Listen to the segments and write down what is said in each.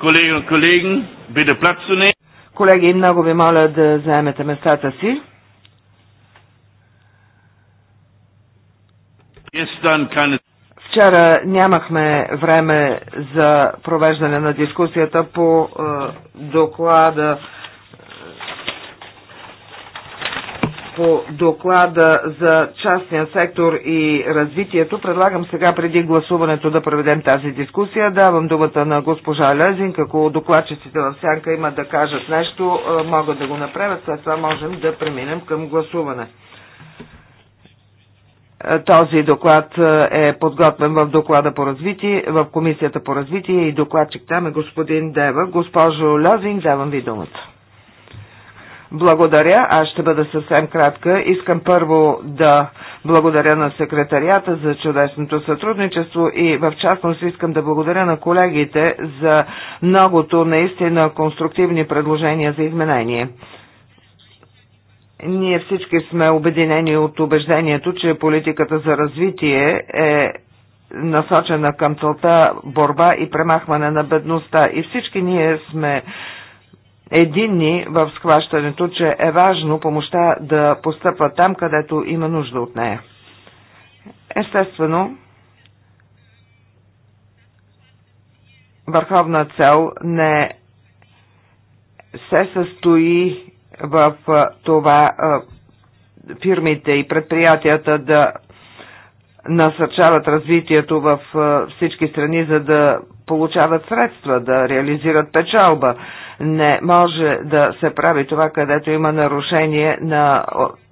Колеги колеги, биде Колеги, много ви моля да заемете местата си. Вчера нямахме време за провеждане на дискусията по доклада по доклада за частния сектор и развитието. Предлагам сега преди гласуването да проведем тази дискусия. Давам думата на госпожа Лезин, Ако докладчиците в сянка имат да кажат нещо, е, могат да го направят. След това можем да преминем към гласуване. Е, този доклад е, е подготвен в доклада по развитие, в комисията по развитие и докладчик там е господин Дева. Госпожо Лезин, давам ви думата. Благодаря, аз ще бъда съвсем кратка. Искам първо да благодаря на секретарията за чудесното сътрудничество и в частност искам да благодаря на колегите за многото наистина конструктивни предложения за изменение. Ние всички сме обединени от убеждението, че политиката за развитие е насочена към целта борба и премахване на бедността. И всички ние сме единни в схващането, че е важно помощта да постъпва там, където има нужда от нея. Естествено, върховна цел не се състои в това фирмите и предприятията да насърчават развитието в всички страни, за да получават средства, да реализират печалба. Не може да се прави това, където има нарушение на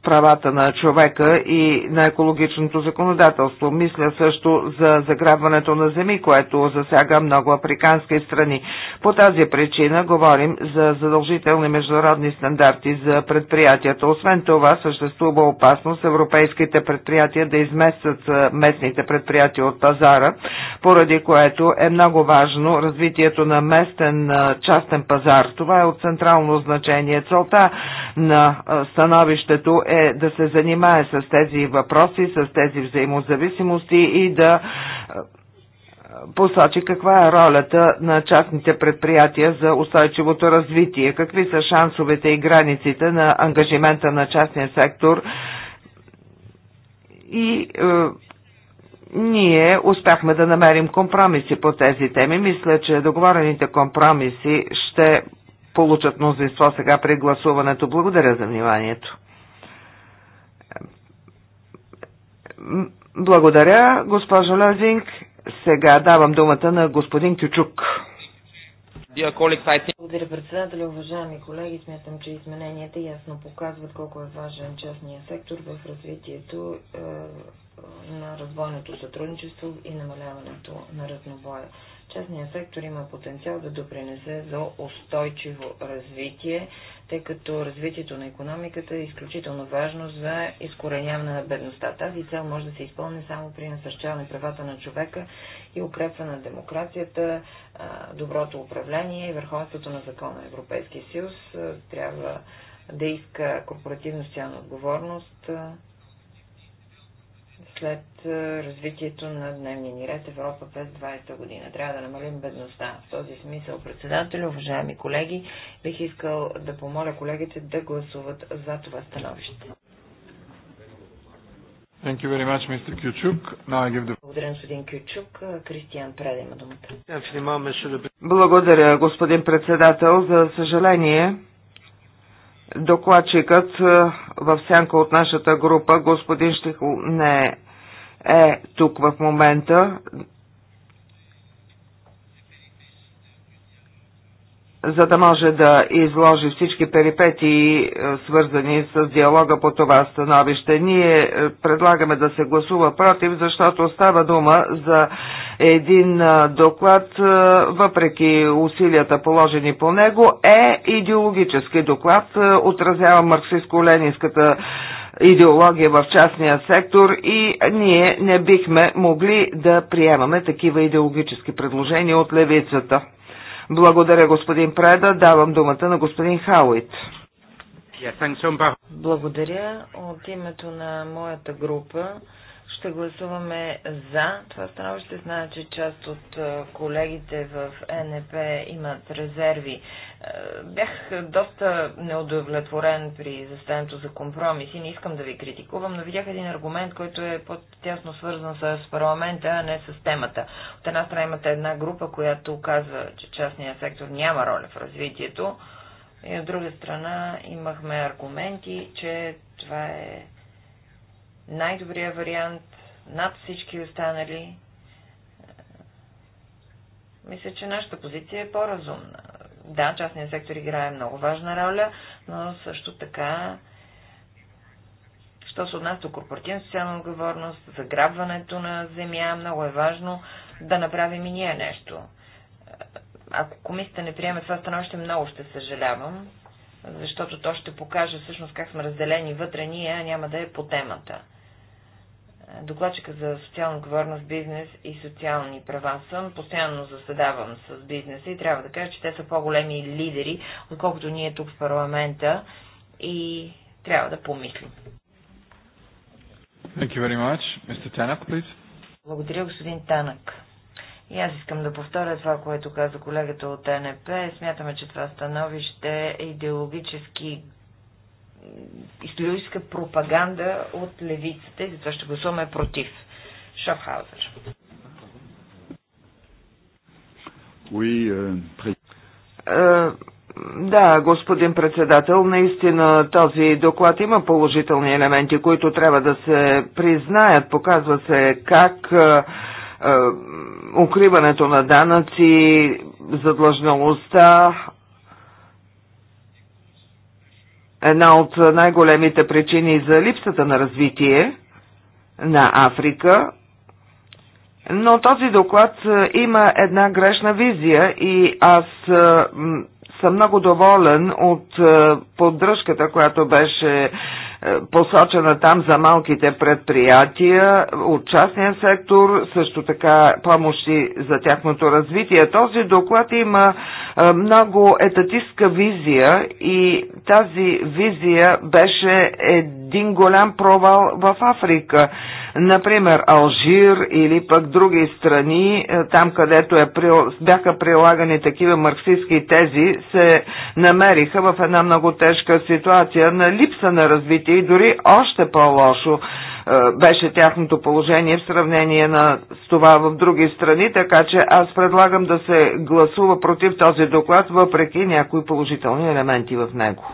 правата на човека и на екологичното законодателство. Мисля също за заграбването на земи, което засяга много африкански страни. По тази причина говорим за задължителни международни стандарти за предприятията. Освен това, съществува опасност европейските предприятия да изместят местните предприятия от пазара, поради което е много важно развитието на местен частен пазар. Това е от централно значение. Целта на становището е да се занимае с тези въпроси, с тези взаимозависимости и да е, посочи каква е ролята на частните предприятия за устойчивото развитие, какви са шансовете и границите на ангажимента на частния сектор и е, ние успяхме да намерим компромиси по тези теми. Мисля, че договорените компромиси ще получат мнозинство сега при гласуването. Благодаря за вниманието. Благодаря, госпожо Лезинг. Сега давам думата на господин Тючук. Благодаря, председателя. Уважаеми колеги, смятам, че измененията ясно показват колко е важен частния сектор в развитието е, на развойното сътрудничество и намаляването на разнобоя. Частният сектор има потенциал да допринесе за устойчиво развитие, тъй като развитието на економиката е изключително важно за изкореняване на бедността. Тази цел може да се изпълни само при насърчаване правата на човека и укрепване на демокрацията, доброто управление и върховенството на закона. Европейския съюз трябва да иска корпоративно социална отговорност, след развитието на дневния ни ред Европа през 20-та година. Трябва да намалим бедността. В този смисъл, председател, уважаеми колеги, бих искал да помоля колегите да гласуват за това становище. Thank you very much, Mr. Now I give the... Благодаря, господин Кючук. Кристиан Преда има думата. Благодаря, господин председател. За съжаление, докладчикът в сянка от нашата група, господин Штихл, не е е тук в момента. за да може да изложи всички перипетии, е, свързани с диалога по това становище. Ние е, предлагаме да се гласува против, защото става дума за един е, доклад, въпреки усилията положени по него, е идеологически доклад, отразява марксистско-ленинската идеология в частния сектор и ние не бихме могли да приемаме такива идеологически предложения от левицата. Благодаря, господин Преда. Давам думата на господин Хауит. Благодаря. От името на моята група ще гласуваме за това становище. Значи че част от колегите в НП имат резерви. Бях доста неудовлетворен при застанието за компромис и не искам да ви критикувам, но видях един аргумент, който е по-тясно свързан с парламента, а не с темата. От една страна имате една група, която казва, че частният сектор няма роля в развитието, и от друга страна имахме аргументи, че това е най-добрият вариант над всички останали. Мисля, че нашата позиция е по-разумна. Да, частният сектор играе много важна роля, но също така, що се отнася до корпоративна социална отговорност, заграбването на земя, много е важно да направим и ние нещо. Ако комисията не приеме това становище, много ще съжалявам, защото то ще покаже всъщност как сме разделени вътре ние, а няма да е по темата докладчика за социална отговорност, бизнес и социални права съм. Постоянно заседавам с бизнеса и трябва да кажа, че те са по-големи лидери, отколкото ние тук в парламента и трябва да помислим. Thank you very much. Mr. Tanak, please. Благодаря, господин Танък. И аз искам да повторя това, което каза колегата от НП. Смятаме, че това становище е идеологически историческа пропаганда от левицата и затова ще гласуваме против. Шафхаузер. Oui, euh, uh, да, господин председател, наистина този доклад има положителни елементи, които трябва да се признаят. Показва се как uh, укриването на данъци, задлъжналостта, една от най-големите причини за липсата на развитие на Африка, но този доклад е, има една грешна визия и аз е, съм много доволен от е, поддръжката, която беше посочена там за малките предприятия от частния сектор, също така помощи за тяхното развитие. Този доклад има е, много етатистка визия и тази визия беше един един голям провал в Африка. Например, Алжир или пък други страни, е, там където е, бяха прилагани такива марксистски тези, се намериха в една много тежка ситуация на липса на развитие и дори още по-лошо е, беше тяхното положение в сравнение на с това в други страни, така че аз предлагам да се гласува против този доклад, въпреки някои положителни елементи в него.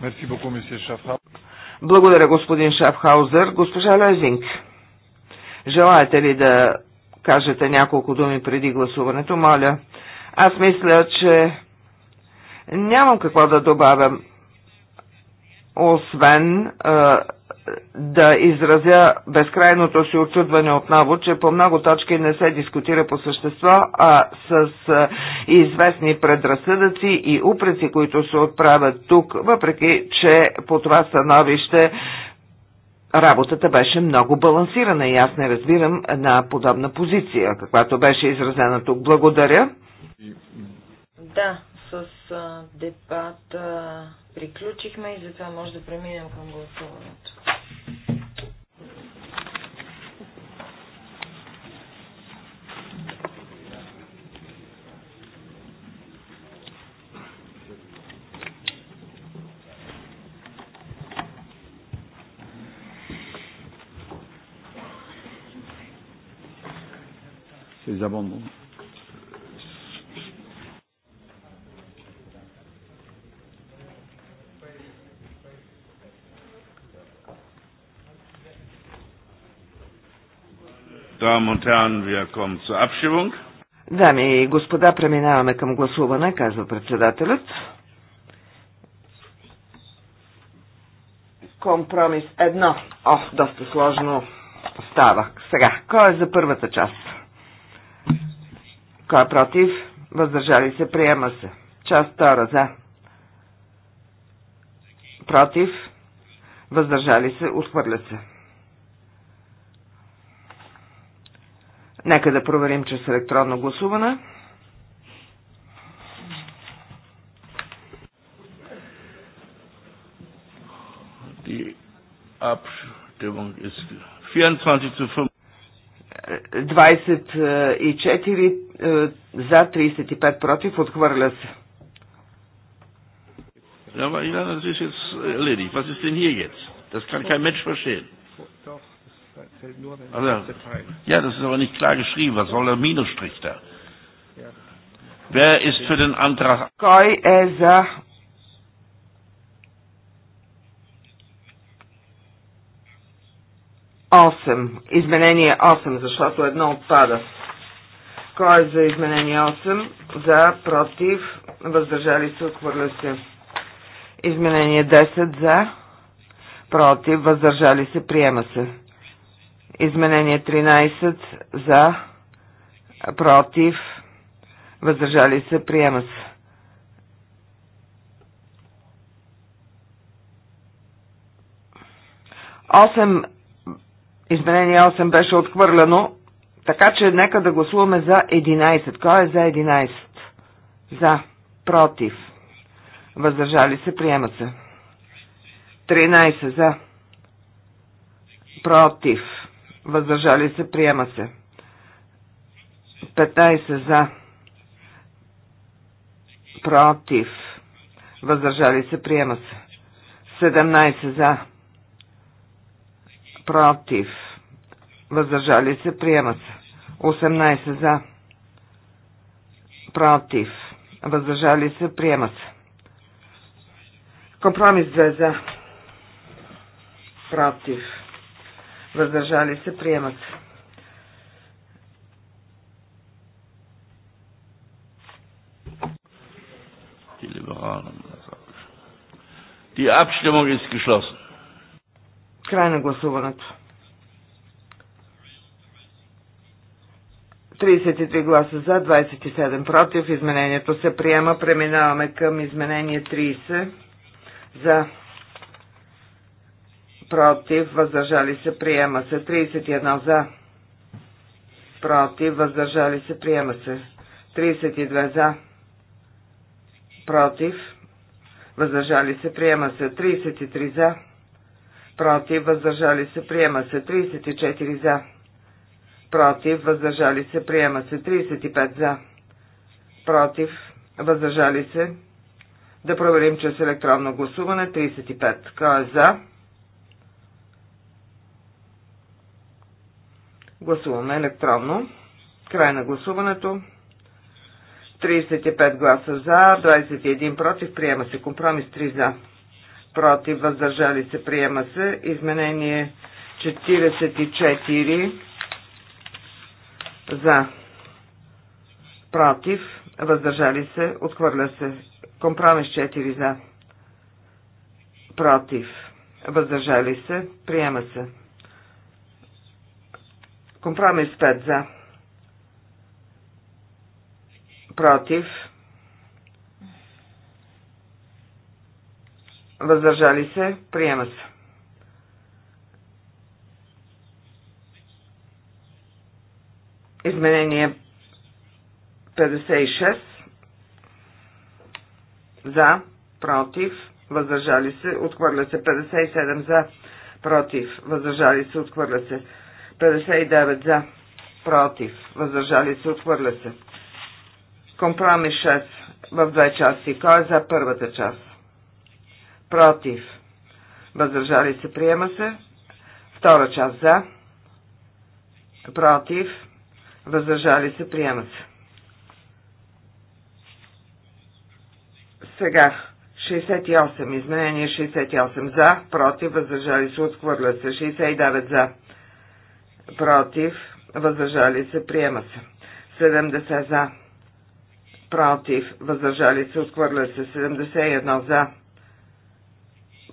Мерси Шафхаузер. Благодаря, господин Шафхаузер. Госпожа Лезинг, желаете ли да кажете няколко думи преди гласуването, моля? Аз мисля, че нямам какво да добавям, освен да изразя безкрайното си очудване отново, че по много точки не се дискутира по същество, а с известни предразсъдъци и упреци, които се отправят тук, въпреки че по това становище Работата беше много балансирана и аз не разбирам една подобна позиция, каквато беше изразена тук. Благодаря. Да, с дебата приключихме и затова може да преминем към гласуването. ces е amendements. Дами и господа, преминаваме към гласуване, казва председателят. Компромис едно. О, доста сложно става. Сега, кой е за първата част? Кой е против? Въздържали се, приема се. Част втора за. Против? Въздържали се, отхвърля се. Нека да проверим чрез електронно гласуване. Die Abstimmung 24 24 за 35 против, отхвърля се. Ja, aber ja, das ist jetzt erledigt. Was ist denn hier jetzt? Das kann kein Mensch verstehen. Also, ja, das ist aber nicht klar geschrieben. Was soll der Minusstrich da? Wer ist für den Antrag? Кой е за Осем. Изменение 8, защото едно отпада. Кой е за изменение 8? За, против, въздържали се, отхвърля се. Изменение 10 за, против, въздържали се, приема се. Изменение 13 за, против, въздържали се, приема се. Осем, изменение 8 беше отхвърлено, така че нека да гласуваме за 11. Кой е за 11? За. Против. Въздържали се. Приема се. 13. За. Против. Въздържали се. Приема се. 15. За. Против. Въздържали се. Приема се. 17. За. Против въздържали се, приема се. 18 за, против, въздържали се, приема се. Компромис 2 за, против, въздържали се, приема се. Die Abstimmung ist geschlossen. Kleine на гласуването. 33 гласа за, 27 против. Изменението се приема. Преминаваме към изменение 30 за против, въздържали се, приема се. 31 за, против, въздържали се, приема се. 32 за, против, въздържали се, приема се. 33 за, против, въздържали се, приема се. 34 за против, въздържали се, приема се 35 за, против, въздържали се. Да проверим чрез електронно гласуване 35. Кой е за? Гласуваме електронно. Край на гласуването. 35 гласа за, 21 против, приема се компромис 3 за. Против, въздържали се, приема се. Изменение 44 за, против, въздържали се, отхвърля се. Компромис 4 за, против, въздържали се, приема се. Компромис 5 за, против, въздържали се, приема се. Изменение 56. За, против, въздържали се, отхвърля се. 57 за, против, въздържали се, отхвърля се. 59 за, против, въздържали се, отхвърля се. Компромис 6 в две части. Кой е за първата част? Против. Въздържали се, приема се. Втора част за. Против въздържали се, приема се. Сега, 68, изменение 68 за, против, въздържали се, отхвърля се, 69 за, против, въздържали се, приема се, 70 за, против, въздържали се, отхвърля се, 71 за,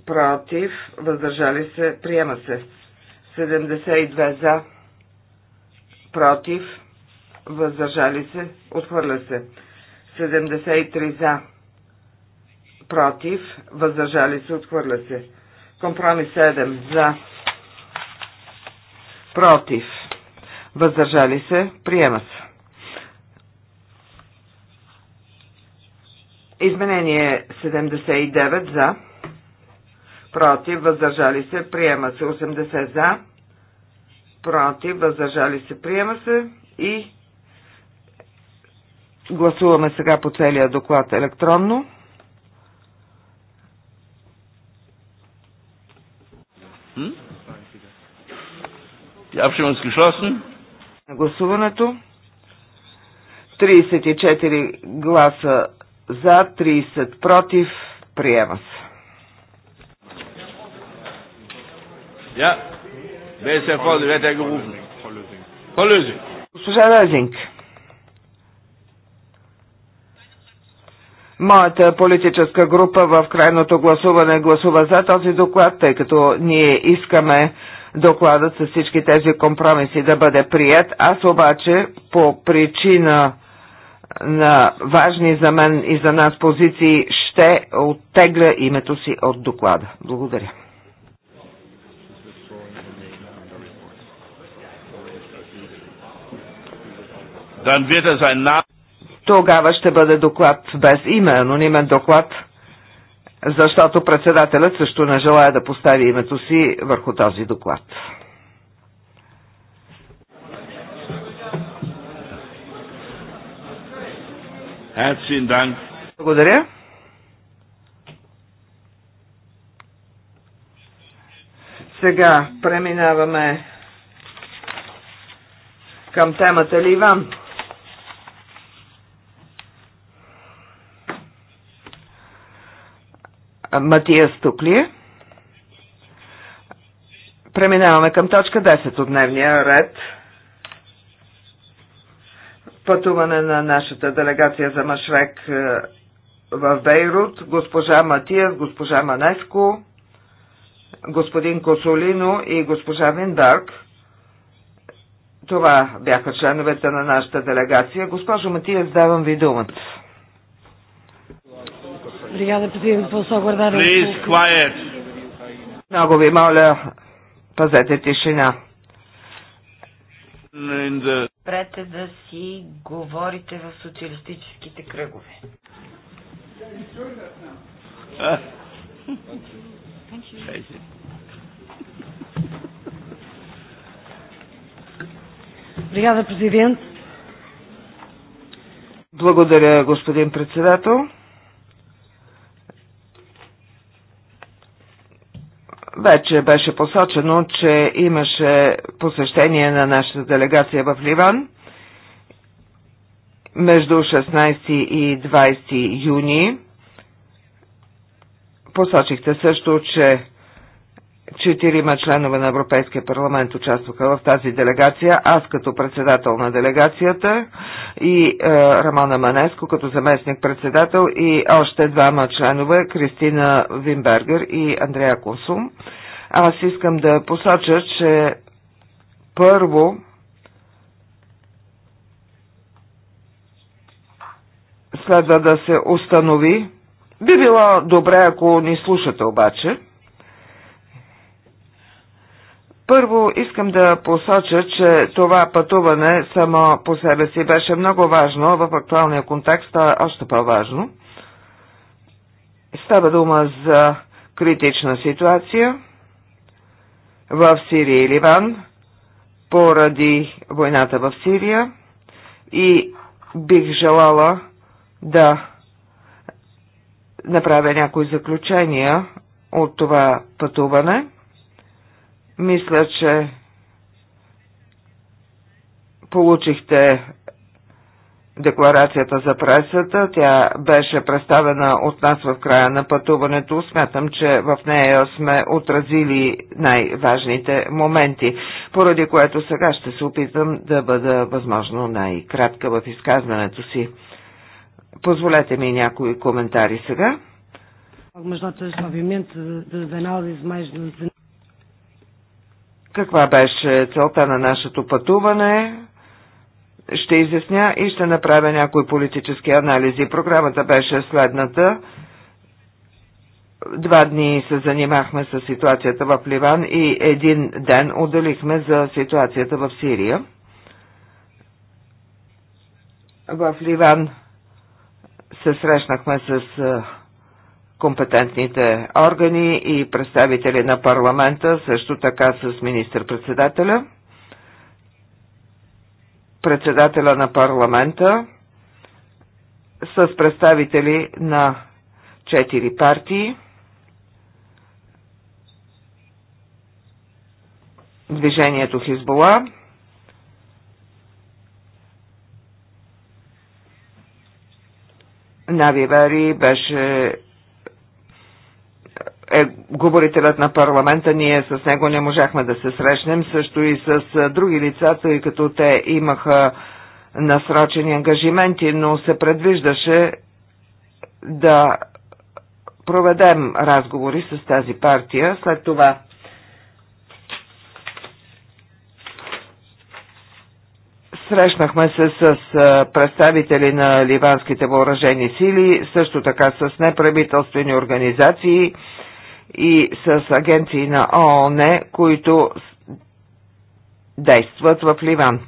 против, въздържали се, приема се, 72 за, против, въздържали се, отхвърля се. 73 за, против, въздържали се, отхвърля се. Компромис 7 за, против, въздържали се, приема се. Изменение 79 за, против, въздържали се, приема се 80 за, против, въздържали се, приема се и гласуваме сега по целия доклад електронно. Die Abstimmung ist geschlossen. Гласуването. 34 гласа за, 30 против. Приема се. Yeah. Wer ist der Vorsitzende? Wer hat gerufen? Frau Lösing. Госпожа Лозинг. Моята политическа група в крайното гласуване гласува за този доклад, тъй като ние искаме докладът с всички тези компромиси да бъде прият. Аз обаче по причина на важни за мен и за нас позиции ще оттегля името си от доклада. Благодаря. Er Тогава ще бъде доклад без име, анонимен доклад, защото председателят също не желая да постави името си върху този доклад. Благодаря. Сега преминаваме към темата Ливан. Матия Стуклие. Преминаваме към точка 10 от дневния ред. Пътуване на нашата делегация за Машрек е, в Бейрут, госпожа Матиев, госпожа Манеско, господин Косолино и госпожа Виндарк. Това бяха членовете на нашата делегация. Госпожо Матиев, давам ви думата. Obrigada, Presidente. Vou só aguardar guardar um Please, um quiet. Много ви моля, пазете тишина. The... Прете да си говорите в социалистическите кръгове. Uh. Obrigada, Presidente. Благодаря, господин председател. Вече беше посочено, че имаше посещение на нашата делегация в Ливан между 16 и 20 юни. Посочихте също, че четирима членове на Европейския парламент участваха в тази делегация. Аз като председател на делегацията и е, Рамона Манеско като заместник-председател и още двама членове Кристина Вимбергер и Андрея Консум. Аз искам да посоча, че първо следва да се установи. Би било добре, ако ни слушате обаче – първо искам да посоча, че това пътуване само по себе си беше много важно, в актуалния контекст е още по-важно. Става дума за критична ситуация в Сирия и Ливан поради войната в Сирия и бих желала да направя някои заключения от това пътуване – мисля, че получихте декларацията за пресата. Тя беше представена от нас в края на пътуването. Смятам, че в нея сме отразили най-важните моменти, поради което сега ще се опитам да бъда възможно най-кратка в изказването си. Позволете ми някои коментари сега. Algumas че е новимент de análise mais каква беше целта на нашето пътуване? Ще изясня и ще направя някои политически анализи. Програмата беше следната. Два дни се занимахме с ситуацията в Ливан и един ден отделихме за ситуацията в Сирия. В Ливан се срещнахме с компетентните органи и представители на парламента, също така с министр-председателя, председателя на парламента, с представители на четири партии, движението Хизбола, Нави Вери беше е говорителят на парламента. Ние с него не можахме да се срещнем, също и с други лица, тъй като те имаха насрочени ангажименти, но се предвиждаше да проведем разговори с тази партия. След това Срещнахме се с представители на ливанските въоръжени сили, също така с неправителствени организации, и с агенции на ООН, които действат в Ливан.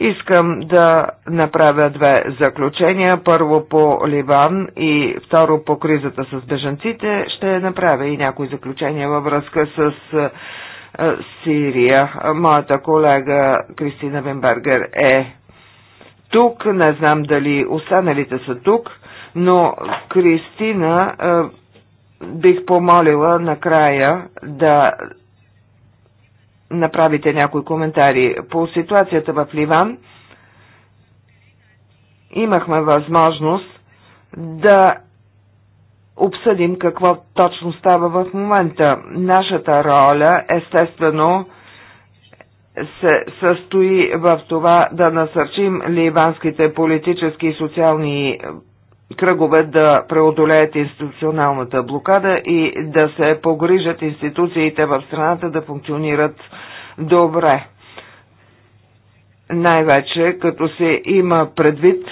Искам да направя две заключения. Първо по Ливан и второ по кризата с бежанците. Ще направя и някои заключения във връзка с Сирия. Моята колега Кристина Венбергер е тук. Не знам дали останалите са тук, но Кристина бих помолила накрая да направите някои коментари по ситуацията в Ливан. Имахме възможност да обсъдим какво точно става в момента. Нашата роля, естествено, се състои в това да насърчим ливанските политически и социални кръгове да преодолеят институционалната блокада и да се погрижат институциите в страната да функционират добре. Най-вече като се има предвид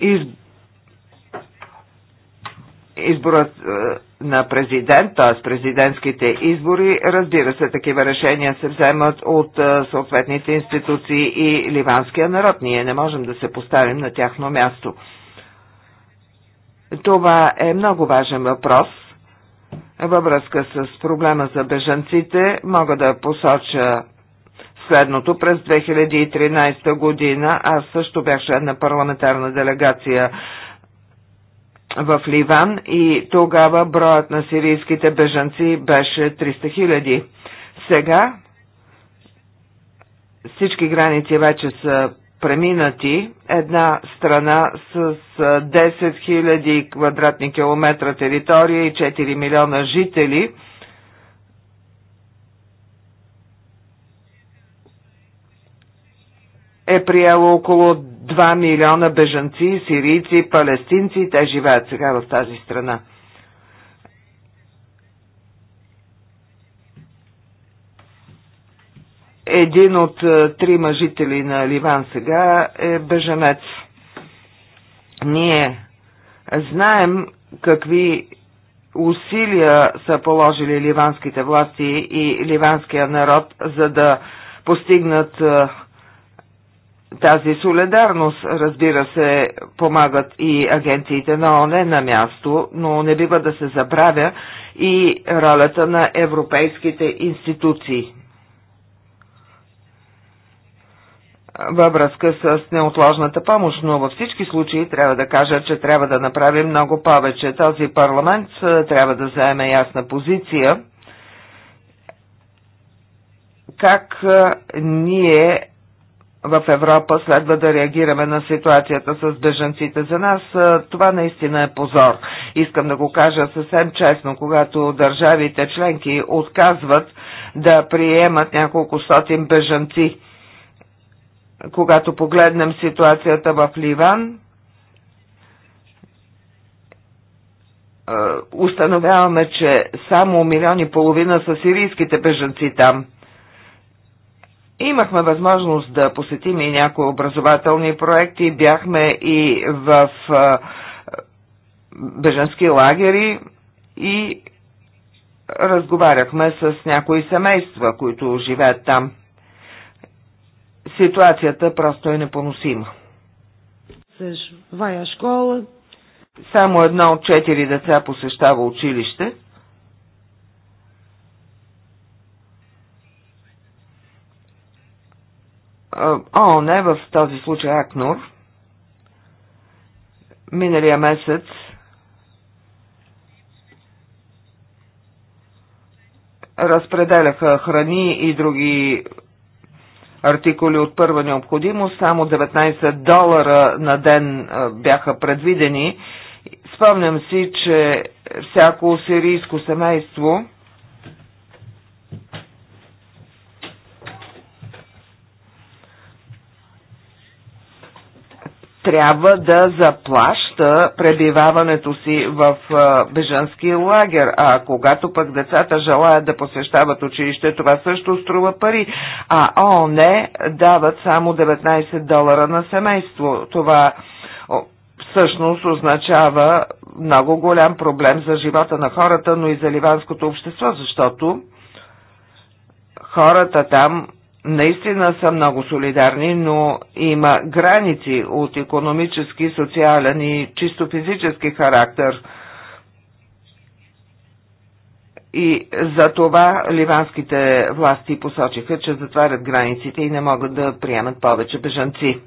из... изборът е, на президент, т.е. президентските избори. Разбира се, такива решения се вземат от съответните институции и ливанския народ. Ние не можем да се поставим на тяхно място. Това е много важен въпрос. Във връзка с проблема за бежанците мога да посоча Следното през 2013 година аз също бях член на парламентарна делегация в Ливан и тогава броят на сирийските бежанци беше 300 хиляди. Сега всички граници вече са преминати. Една страна с 10 000 квадратни километра територия и 4 милиона жители е приело около 2 милиона бежанци, сирийци, палестинци, те живеят сега в тази страна. Един от е, трима жители на Ливан сега е бежанец. Ние знаем какви усилия са положили ливанските власти и ливанския народ, за да постигнат е, тази солидарност, разбира се, помагат и агенциите на ОНЕ на място, но не бива да се забравя и ролята на европейските институции. във връзка с неотложната помощ, но във всички случаи трябва да кажа, че трябва да направим много повече. Този парламент е, трябва да заеме ясна позиция как е, ние в Европа следва да реагираме на ситуацията с бежанците. За нас това наистина е позор. Искам да го кажа съвсем честно, когато държавите членки отказват да приемат няколко стотин бежанци. Когато погледнем ситуацията в Ливан, установяваме, че само милиони и половина са сирийските бежанци там – Имахме възможност да посетим и някои образователни проекти, бяхме и в беженски лагери и разговаряхме с някои семейства, които живеят там. Ситуацията просто е непоносима. Вая школа. Само едно от четири деца посещава училище – Е, ООН, в този случай АКНУР, миналия месец разпределяха храни и други артикули от първа необходимост. Само 19 долара на ден е, бяха предвидени. Спомням си, че всяко сирийско семейство трябва да заплаща пребиваването си в бежански лагер, а когато пък децата желаят да посещават училище, това също струва пари, а ООН дават само 19 долара на семейство. Това всъщност означава много голям проблем за живота на хората, но и за ливанското общество, защото хората там наистина са много солидарни, но има граници от економически, социален и чисто физически характер. И за това ливанските власти посочиха, че затварят границите и не могат да приемат повече бежанци.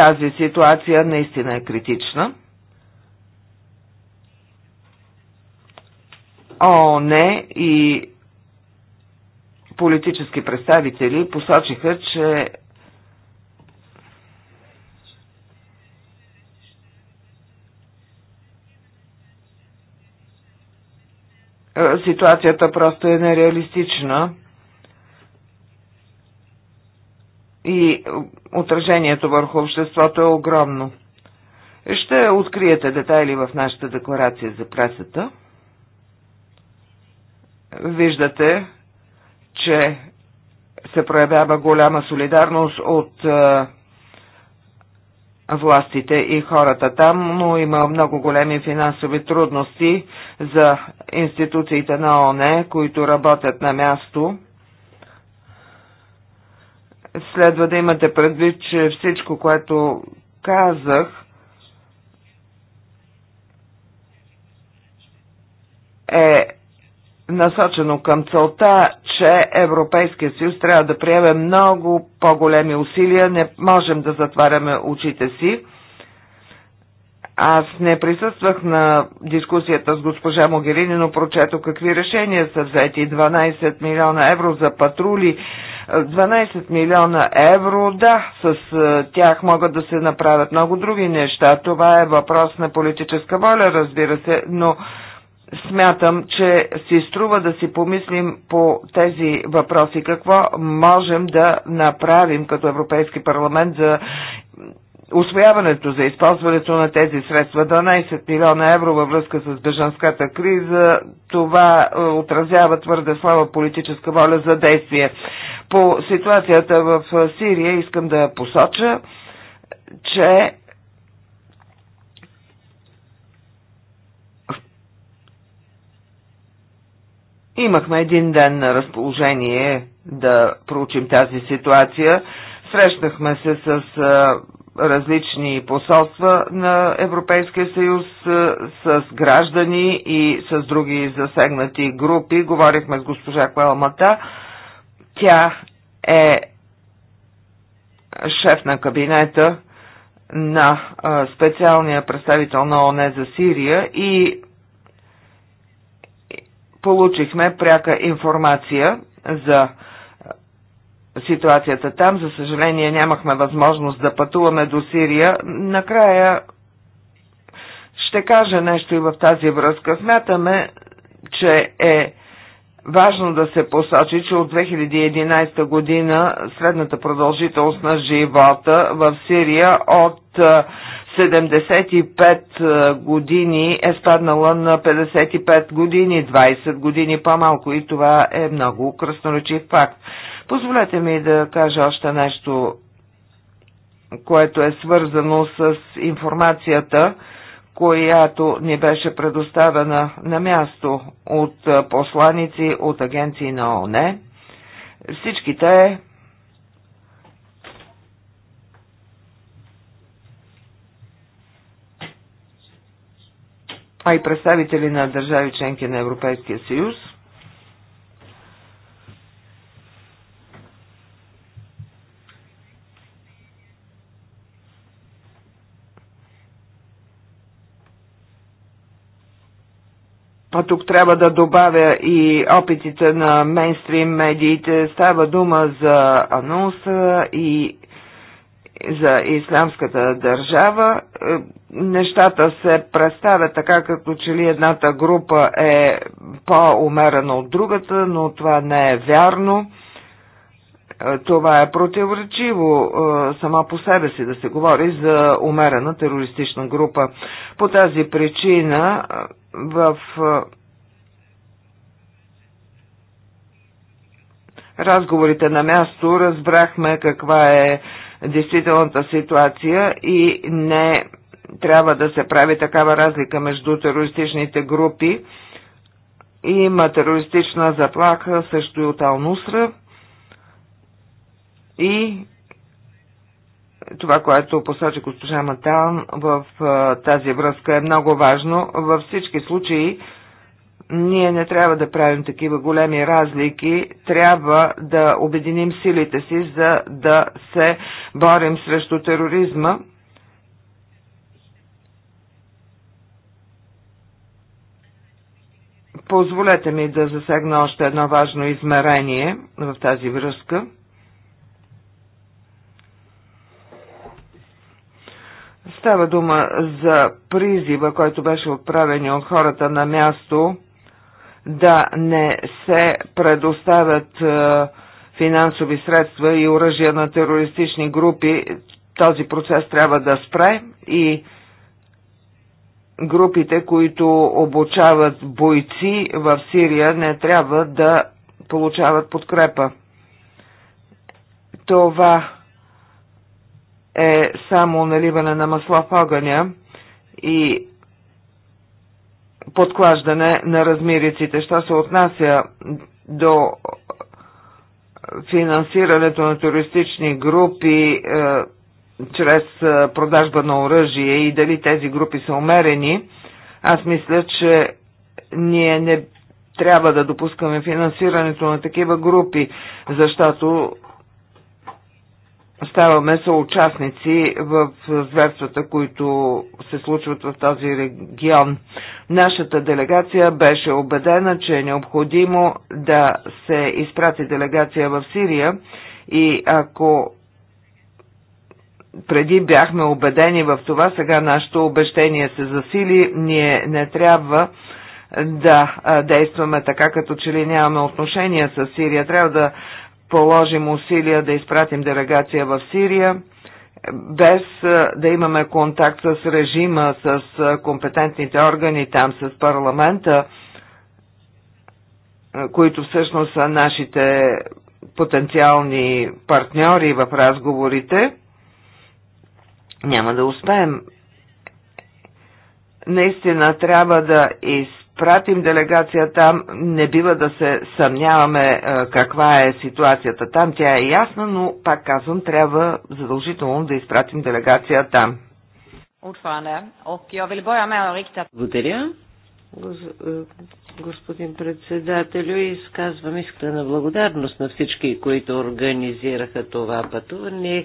Тази ситуация наистина е критична. Не и политически представители посочиха, че ситуацията просто е нереалистична и отражението върху обществото е огромно. Ще откриете детайли в нашата декларация за пресата. Виждате, че се проявява голяма солидарност от е, властите и хората там, но има много големи финансови трудности за институциите на ОНЕ, които работят на място. Следва да имате предвид, че всичко, което казах, е насочено към целта, че Европейския съюз трябва да приеме много по-големи усилия. Не можем да затваряме очите си. Аз не присъствах на дискусията с госпожа Могерини, но прочето какви решения са взети. 12 милиона евро за патрули, 12 милиона евро, да, с тях могат да се направят много други неща. Това е въпрос на политическа воля, разбира се, но смятам, че си струва да си помислим по тези въпроси. Какво можем да направим като Европейски парламент за освояването за използването на тези средства 12 милиона евро във връзка с бежанската криза, това е, отразява твърде слаба политическа воля за действие. По ситуацията в Сирия искам да посоча, че Имахме един ден на разположение да проучим тази ситуация. Срещнахме се с различни посолства на Европейския съюз, с граждани и с други засегнати групи. Говорихме с госпожа Куелмата. Тя е шеф на кабинета на специалния представител на ОНЕ за Сирия и получихме пряка информация за ситуацията там. За съжаление нямахме възможност да пътуваме до Сирия. Накрая ще кажа нещо и в тази връзка. Смятаме, че е Важно да се посочи, че от 2011 година средната продължителност на живота в Сирия от 75 години е спаднала на 55 години, 20 години по-малко и това е много красноречив факт. Позволете ми да кажа още нещо, което е свързано с информацията, която ни беше предоставена на място от посланици от агенции на ОНЕ. Всички те а и представители на държави членки на Европейския съюз – а тук трябва да добавя и опитите на мейнстрим медиите. Става дума за анонса и за ислямската държава. Е, нещата се представят така, като че ли едната група е по-умерена от другата, но това не е вярно. Е, това е противоречиво е, сама по себе си да се говори за умерена терористична група. По тази причина в разговорите на място разбрахме каква е действителната ситуация и не трябва да се прави такава разлика между терористичните групи. Има терористична заплаха също и от Алнусра и това, което посочи госпожа Матан в тази връзка е много важно. Във всички случаи ние не трябва да правим такива големи разлики, трябва да обединим силите си, за да се борим срещу тероризма. Позволете ми да засегна още едно важно измерение в тази връзка – Става дума за призива, който беше отправен от хората на място да не се предоставят е, финансови средства и оръжия на терористични групи. Този процес трябва да спре и групите, които обучават бойци в Сирия, не трябва да получават подкрепа. Това е само наливане на масло в огъня и подклаждане на размериците. Що се отнася до финансирането на туристични групи е, чрез е, продажба на оръжие и дали тези групи са умерени, аз мисля, че ние не трябва да допускаме финансирането на такива групи, защото ставаме съучастници в зверствата, които се случват в този регион. Нашата делегация беше убедена, че е необходимо да се изпрати делегация в Сирия и ако преди бяхме убедени в това, сега нашето обещение се засили, ние не трябва да действаме така, като че ли нямаме отношения с Сирия. Трябва да положим усилия да изпратим делегация в Сирия, без да имаме контакт с режима, с компетентните органи там, с парламента, които всъщност са нашите потенциални партньори в разговорите, няма да успеем. Наистина трябва да изпратим пратим делегация там, не бива да се съмняваме е, каква е ситуацията там. Тя е ясна, но пак казвам, трябва задължително да изпратим делегация там. Благодаря. Е, господин председателю, изказвам искрена благодарност на всички, които организираха това пътуване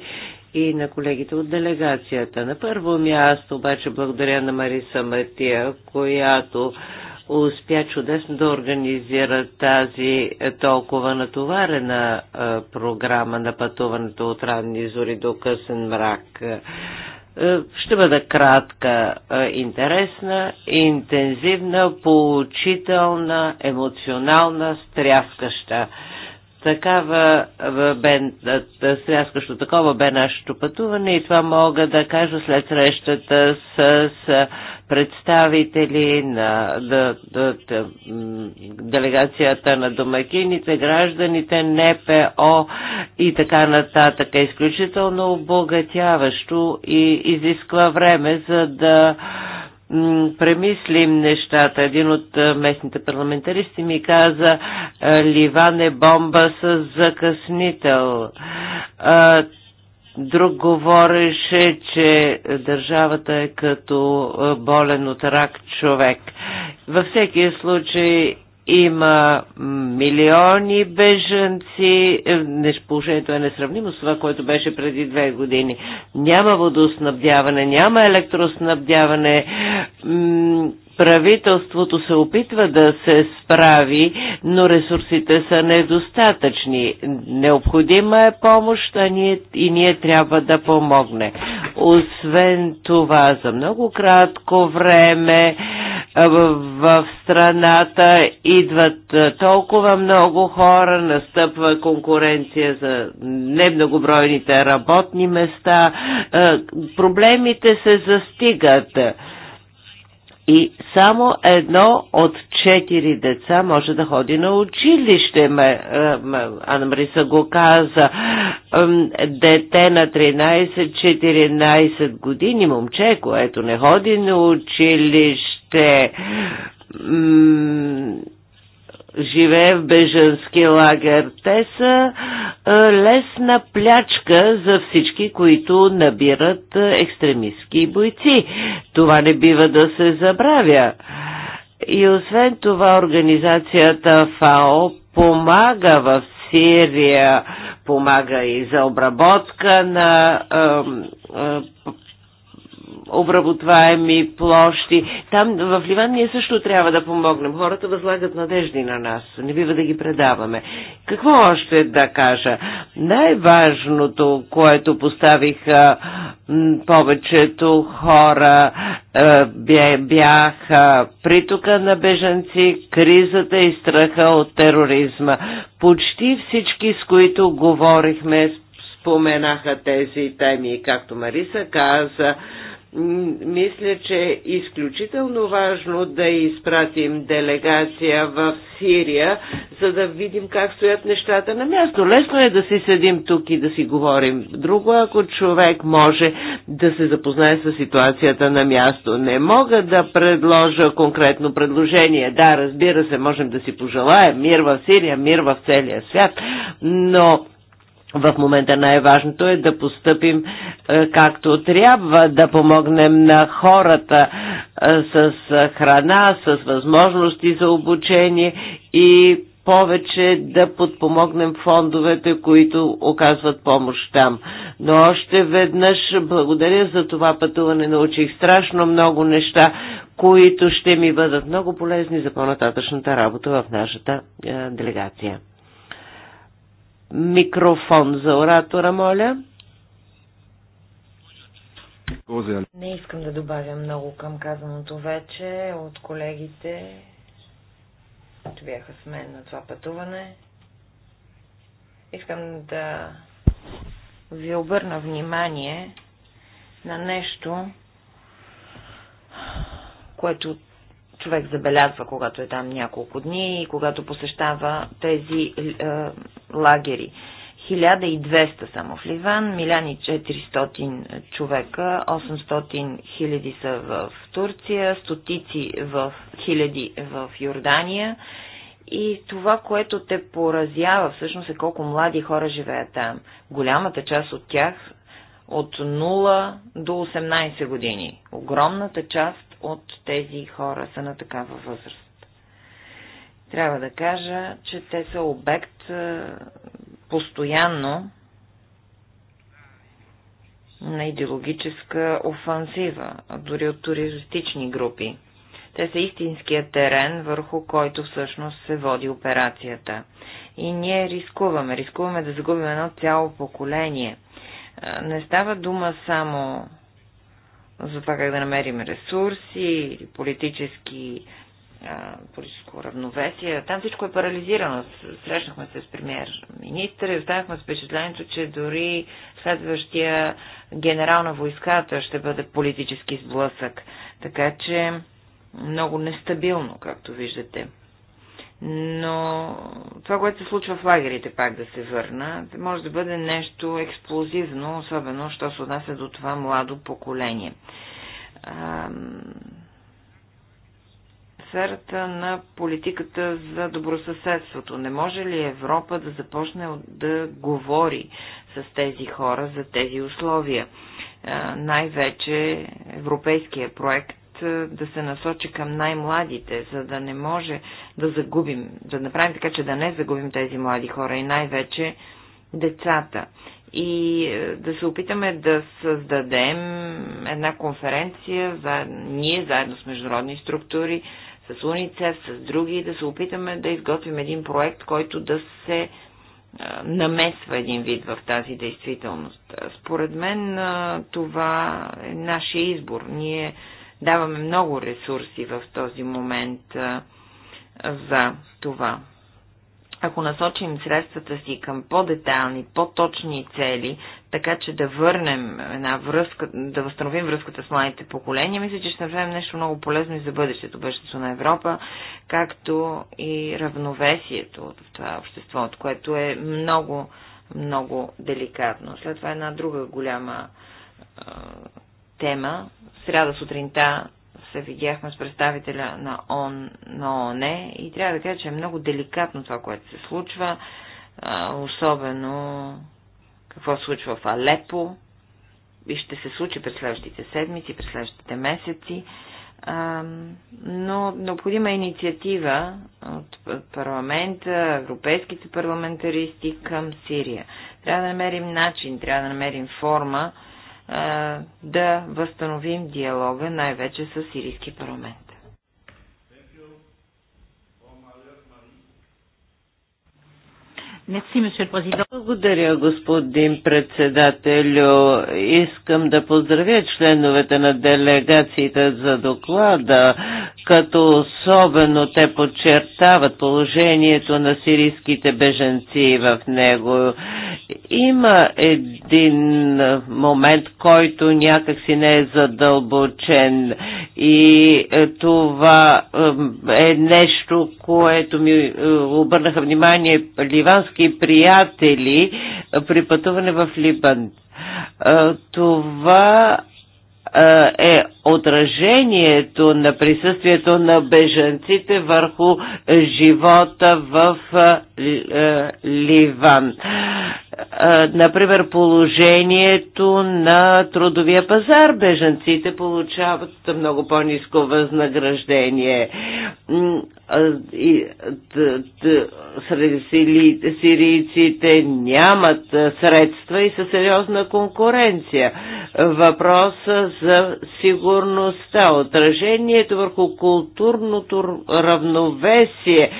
и на колегите от делегацията. На първо място обаче благодаря на Мариса Матия, която успя чудесно да организира тази е, толкова натоварена е, програма на пътуването от ранни зори до късен мрак. Е, ще бъда кратка, интересна, интензивна, поучителна, емоционална, стряскаща. Такава бе, стряскащо такова бе нашето пътуване и това мога да кажа след срещата с, с представители на да, да, да, делегацията на домакините, гражданите, НПО и така нататък. Е изключително обогатяващо и изисква време, за да премислим нещата. Един от местните парламентаристи ми каза, Ливан е бомба с закъснител. Друг говореше, че държавата е като болен от рак човек. Във всеки случай има милиони беженци, е, положението е несравнимо с това, което беше преди две години. Няма водоснабдяване, няма електроснабдяване, правителството се опитва да се справи, но ресурсите са недостатъчни. Необходима е помощ а ние, и ние трябва да помогне. Освен това, за много кратко време в, в страната идват толкова много хора, настъпва конкуренция за немногобройните работни места, проблемите се застигат. И само едно от четири деца може да ходи на училище. Анна Мариса го каза. Дете на 13-14 години, момче, което не ходи на училище, ще живее в бежански лагер. Те са лесна плячка за всички, които набират екстремистски бойци. Това не бива да се забравя. И освен това организацията ФАО помага в Сирия, помага и за обработка на е, е, обработваеми площи. Там в Ливан ние също трябва да помогнем. Хората възлагат надежди на нас. Не бива да ги предаваме. Какво още да кажа? Най-важното, което поставиха повечето хора, бяха притока на бежанци, кризата и страха от тероризма. Почти всички, с които говорихме, споменаха тези теми. Както Мариса каза, мисля, че е изключително важно да изпратим делегация в Сирия, за да видим как стоят нещата на място. Лесно е да си седим тук и да си говорим. Друго, ако човек може да се запознае с ситуацията на място. Не мога да предложа конкретно предложение. Да, разбира се, можем да си пожелаем мир в Сирия, мир в целия свят, но в момента най-важното е да поступим е, както трябва, да помогнем на хората е, с храна, с възможности за обучение и повече да подпомогнем фондовете, които оказват помощ там. Но още веднъж благодаря за това пътуване. Научих страшно много неща, които ще ми бъдат много полезни за по-нататъчната работа в нашата е, делегация. Микрофон за оратора, моля. Не искам да добавя много към казаното вече от колегите, които бяха с мен на това пътуване. Искам да ви обърна внимание на нещо, което човек забелязва, когато е там няколко дни и когато посещава тези е, лагери. 1200 само в Ливан, миляни 400 човека, 800 хиляди са в Турция, стотици в хиляди в Йордания. И това, което те поразява всъщност е колко млади хора живеят там. Голямата част от тях от 0 до 18 години. Огромната част от тези хора са на такава възраст. Трябва да кажа, че те са обект постоянно на идеологическа офансива, дори от туристични групи. Те са истинският терен, върху който всъщност се води операцията. И ние рискуваме, рискуваме да загубим едно цяло поколение. Не става дума само за това как да намерим ресурси политически политическо равновесие. Там всичко е парализирано. Срещнахме се с премьер министър и останахме с впечатлението, че дори следващия генерал на войската ще бъде политически сблъсък. Така че много нестабилно, както виждате. Но това, което се случва в лагерите, пак да се върна, може да бъде нещо експлозивно, особено, що се отнася до това младо поколение. Сферата на политиката за добросъседството. Не може ли Европа да започне да говори с тези хора за тези условия? най-вече европейския проект е, да се насочи към най-младите, за да не може да загубим, да направим така, че да не загубим тези млади хора и най-вече децата. И е, да се опитаме да създадем една конференция, за, ние заедно с международни структури, с УНИЦЕФ, с други, да се опитаме да изготвим един проект, който да се е, намесва един вид в тази действителност. Според мен това е нашия избор. Ние Даваме много ресурси в този момент за това. Ако насочим средствата си към по-детални, по-точни цели, така че да върнем една връзка, да възстановим връзката с младите поколения, мисля, че ще направим нещо много полезно и за бъдещето, бъдещето на Европа, както и равновесието в това общество, от което е много, много деликатно. След това една друга голяма тема. В сряда сутринта се видяхме с представителя на, ООН, на ООН е и трябва да кажа, че е много деликатно това, което се случва, особено какво се случва в Алепо и ще се случи през следващите седмици, през следващите месеци. Но необходима е инициатива от парламента, европейските парламентаристи към Сирия. Трябва да намерим начин, трябва да намерим форма, да възстановим диалога най-вече с сирийски парламент. Благодаря, господин председателю. Искам да поздравя членовете на делегацията за доклада, като особено те подчертават положението на сирийските беженци в него. Има един момент, който някакси не е задълбочен и е, това е, е нещо, което ми е, обърнаха внимание ливански гръцки приятели при пътуване в Либан. Това е отражението на присъствието на бежанците върху живота в Ливан. Например, положението на трудовия пазар. Бежанците получават много по-низко възнаграждение. Сред сирийците нямат средства и са сериозна конкуренция. Въпрос за сигурност отговорността, отражението върху културното равновесие,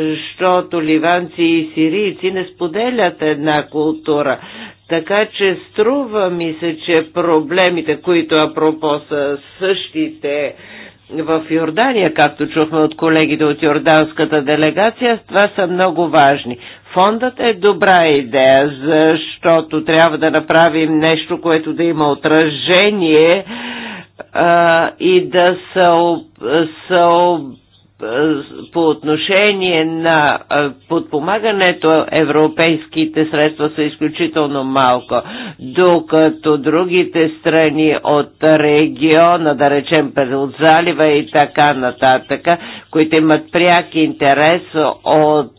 защото ливанци и сирийци не споделят една култура. Така че струва ми се, че проблемите, които апропо са същите, в Йордания, както чухме от колегите от йорданската делегация, това са много важни фондът е добра идея, защото трябва да направим нещо, което да има отражение а, и да са, са по отношение на подпомагането европейските средства са изключително малко, докато другите страни от региона, да речем от залива и така нататък, които имат пряк интерес от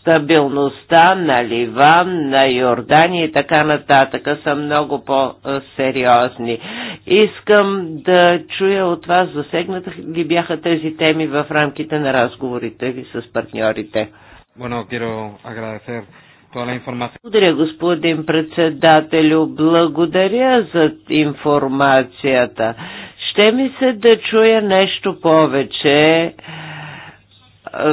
стабилността на Ливан, на Йордания и така нататък са много по-сериозни. Искам да чуя от вас, засегната ли бяха тези теми в рамките на разговорите ви с партньорите? благодаря, господин председателю. Благодаря за информацията. Ще ми се да чуя нещо повече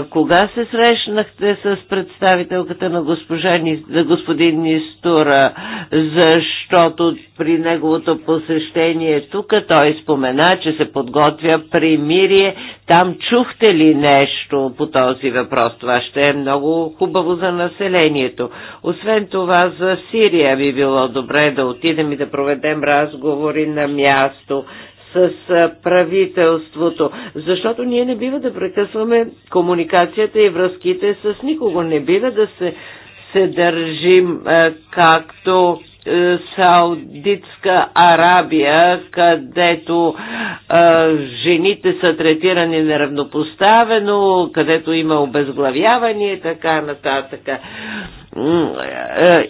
кога се срещнахте с представителката на госпожа, господин Нистура, защото при неговото посещение тук той спомена, че се подготвя примирие. Там чухте ли нещо по този въпрос? Това ще е много хубаво за населението. Освен това за Сирия би било добре да отидем и да проведем разговори на място с правителството, защото ние не бива да прекъсваме комуникацията и връзките с никого. Не бива да се, се държим както е, Саудитска Арабия, където а, е, жените са третирани неравнопоставено, където има обезглавяване и така нататък. Е,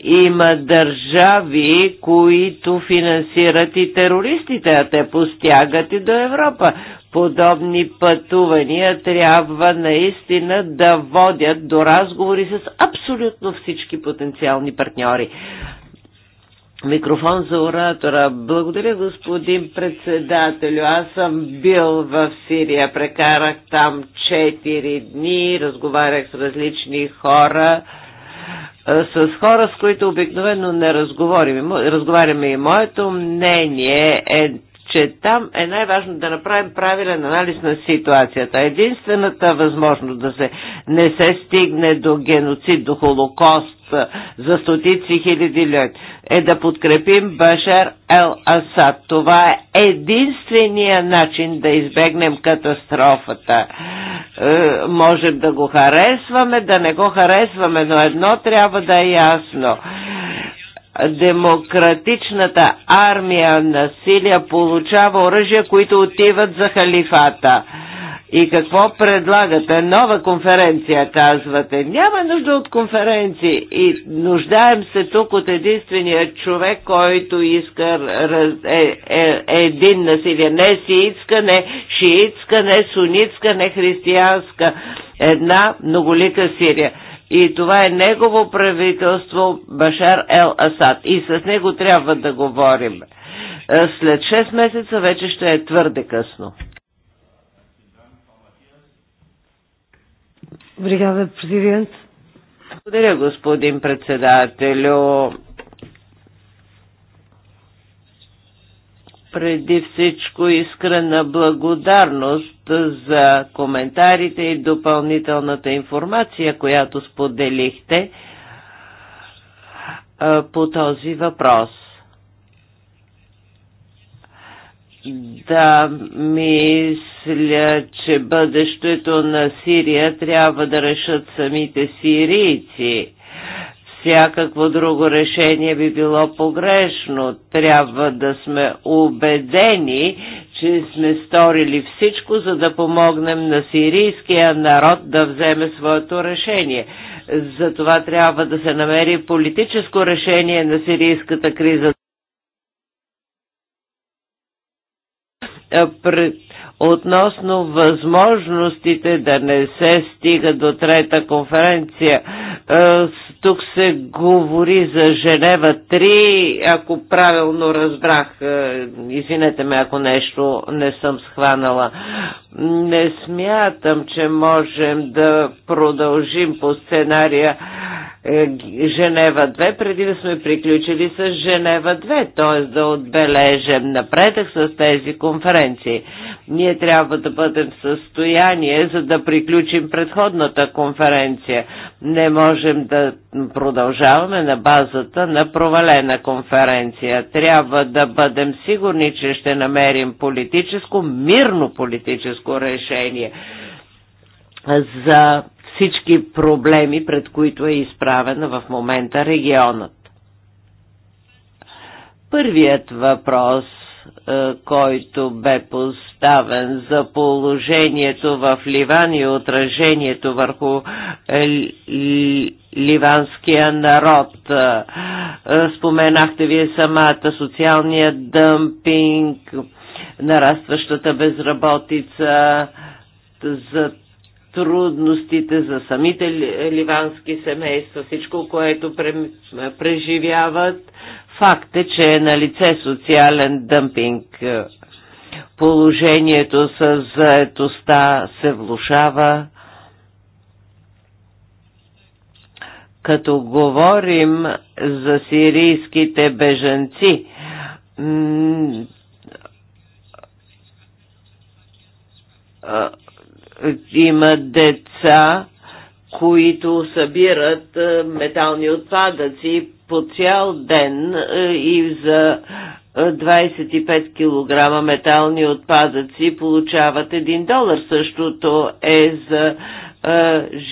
има държави, които финансират и терористите, а те постягат и до Европа. Подобни пътувания трябва наистина да водят до разговори с абсолютно всички потенциални партньори. Микрофон за оратора. Благодаря, господин председателю. Аз съм бил в Сирия, прекарах там 4 дни, разговарях с различни хора, с хора, с които обикновено не разговорим. Разговаряме и моето мнение е, че там е най-важно да направим правилен анализ на ситуацията. Единствената възможност да се не се стигне до геноцид, до холокост, за стотици хиляди лет е да подкрепим Башар Ел Асад. Това е единствения начин да избегнем катастрофата. Е, можем да го харесваме, да не го харесваме, но едно трябва да е ясно демократичната армия на Сирия получава оръжия, които отиват за халифата. И какво предлагате? Нова конференция, казвате. Няма нужда от конференции и нуждаем се тук от единствения човек, който иска раз... е, е, е, един насилие. Не сиитска, не шиитска, не сунитска, не християнска. Една многолика Сирия. И това е негово правителство Башар Ел Асад. И с него трябва да говорим. Е, след 6 месеца вече ще е твърде късно. Бригада президент. Благодаря, господин председателю. преди всичко искрена благодарност за коментарите и допълнителната информация, която споделихте по този въпрос. Да, мисля, че бъдещето на Сирия трябва да решат самите сирийци. Всякакво друго решение би било погрешно. Трябва да сме убедени, че сме сторили всичко, за да помогнем на сирийския народ да вземе своето решение. Затова трябва да се намери политическо решение на сирийската криза. относно възможностите да не се стига до трета конференция. Тук се говори за Женева 3, ако правилно разбрах, извинете ме, ако нещо не съм схванала. Не смятам, че можем да продължим по сценария е, Женева 2, преди да сме приключили с Женева 2, т.е. да отбележим напредък с тези конференции. Ние трябва да бъдем в състояние, за да приключим предходната конференция. Не можем да продължаваме на базата на провалена конференция. Трябва да бъдем сигурни, че ще намерим политическо, мирно политическо решение за всички проблеми, пред които е изправена в момента регионът. Първият въпрос, е, който бе поставен за положението в Ливан и отражението върху е, ливанския народ. Е, споменахте вие самата социалния дъмпинг, нарастващата безработица, за трудностите за самите ливански семейства, всичко, което преживяват. Факт е, че е на лице социален дъмпинг. Положението с заетостта се влушава. Като говорим за сирийските беженци, м- има деца, които събират е, метални отпадъци по цял ден е, и за 25 е, кг метални отпадъци получават 1 долар. Същото е за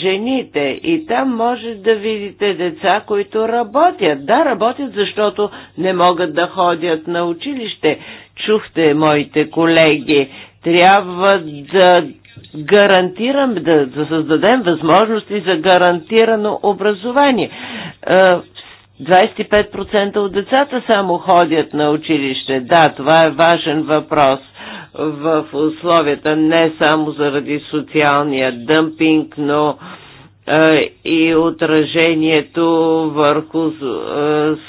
жените. И там може да видите деца, които работят. Да, работят, защото не могат да ходят на училище. Чухте, моите колеги, трябва да гарантирам, да, да създадем възможности за гарантирано образование. 25% е, от децата само ходят на училище. Да, това е важен въпрос в условията не само заради социалния дъмпинг, но а, е, и отражението върху е,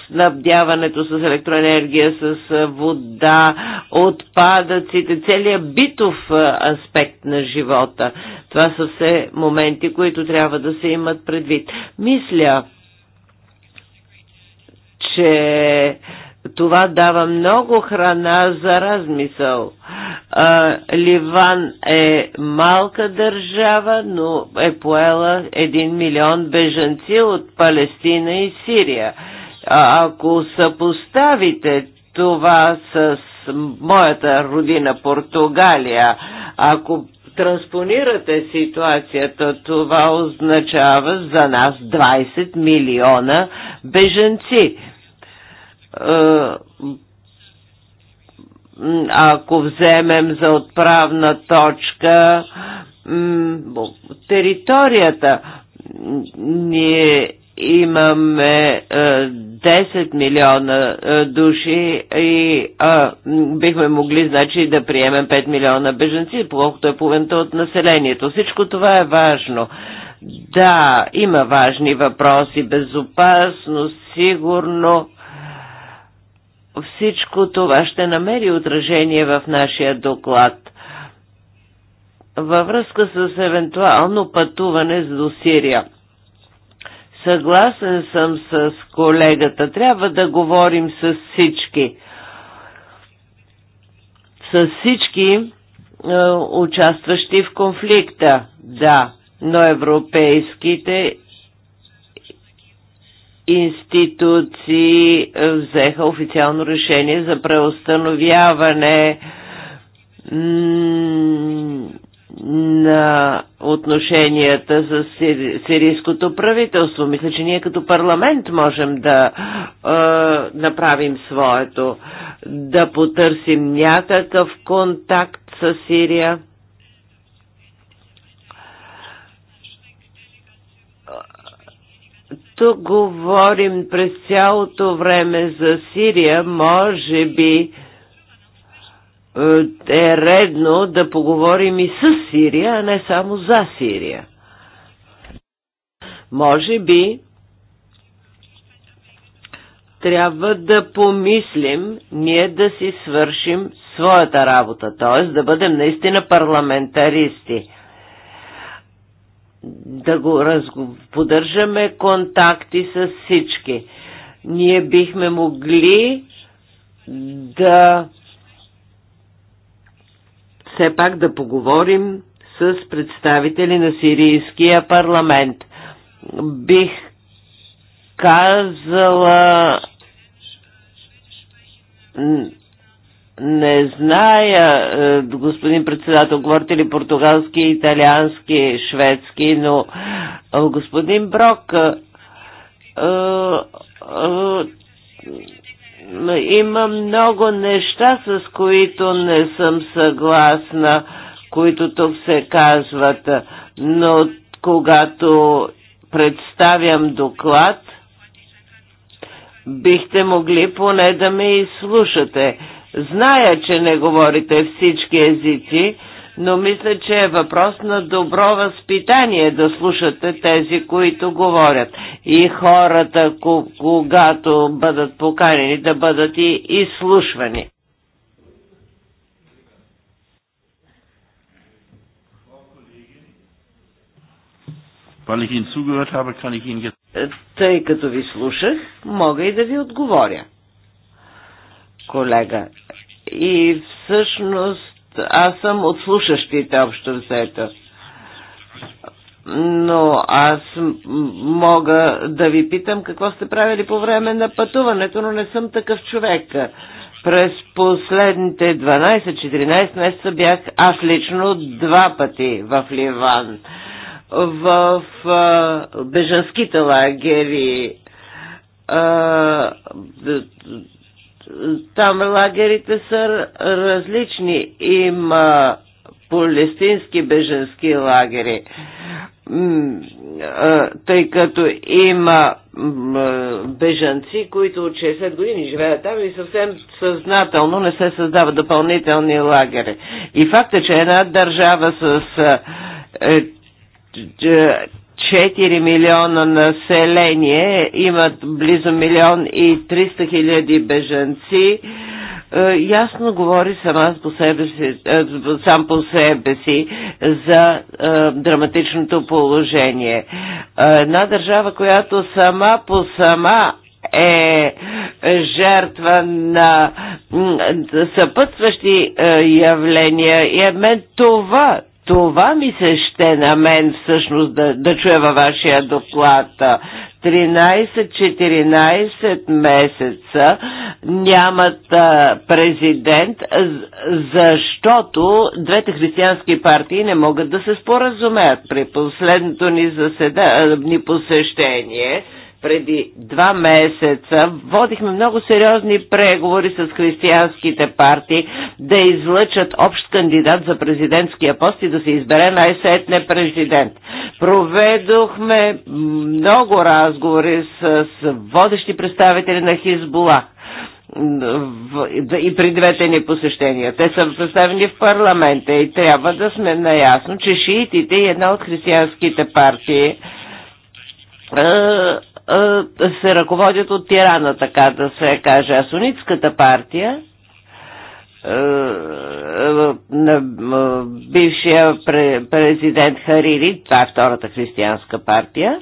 снабдяването с електроенергия, с е, вода, отпадъците, целият битов аспект на живота. Това са все моменти, които трябва да се имат предвид. Мисля, че това дава много храна за размисъл. А, Ливан е малка държава, но е поела 1 милион бежанци от Палестина и Сирия. А, ако съпоставите това с моята родина Португалия, ако транспонирате ситуацията, това означава за нас 20 милиона беженци ако вземем за отправна точка територията, ние имаме 10 е, милиона е, души и бихме могли значи да приемем 5 милиона беженци, колкото е половината от населението. Всичко това е важно. Да, има важни въпроси. Безопасност, сигурно, всичко това ще намери отражение в нашия доклад – във връзка с евентуално пътуване до Сирия. Съгласен съм с колегата. Трябва да говорим с всички. С всички е, участващи в конфликта, да, но европейските институции е, взеха официално решение за преустановяване на отношенията с сирийското правителство. Мисля, че ние като парламент можем да е, направим своето, да потърсим някакъв контакт с Сирия Тук говорим през цялото време за Сирия, може би е, е редно да поговорим и с Сирия, а не само за Сирия. Може би трябва да помислим ние да си свършим своята работа, т.е. да бъдем наистина парламентаристи – да го поддържаме контакти с всички. Ние бихме могли да все пак да поговорим с представители на сирийския парламент. Бих казала не зная, е, господин председател, говорите ли португалски, италиански, шведски, но е, господин Брок, е, има много неща, с които не съм съгласна, които тук се казват, но когато представям доклад, бихте могли поне да ме изслушате Зная, че не говорите всички езици, но мисля, че е въпрос на добро възпитание да слушате тези, които говорят. И хората, когато бъдат поканени, да бъдат и изслушвани. Тъй като ви слушах, мога и да ви отговоря колега. И всъщност аз съм от слушащите общо взето но аз мога да ви питам какво сте правили по време на пътуването, но не съм такъв човек. През последните 12-14 месеца бях аз лично два пъти в Ливан, в беженските лагери, там лагерите са различни. Има палестински беженски лагери, тъй като има бежанци, които от 60 години живеят там и съвсем съзнателно не се създават допълнителни лагери. И факта, е, че една държава с е, 4 милиона население, имат близо милион и 300 хиляди бежанци, е, ясно говори сама по себе си, е, сам по себе си за е, драматичното положение. Една държава, която сама по сама е жертва на съпътстващи явления. И мен това това ми се ще на мен всъщност да, да чуя във вашия доклад. 13-14 месеца нямат президент, защото двете християнски партии не могат да се споразумеят. При последното ни, заседа... ни посещение преди два месеца водихме много сериозни преговори с християнските партии да излъчат общ кандидат за президентския пост и да се избере най-сетне президент. Проведохме много разговори с водещи представители на Хизбула и при двете ни посещения. Те са представени в парламента и трябва да сме наясно, че шиитите и една от християнските партии се ръководят от тирана, така да се каже. А сунитската партия на бившия президент Харири, това е втората християнска партия,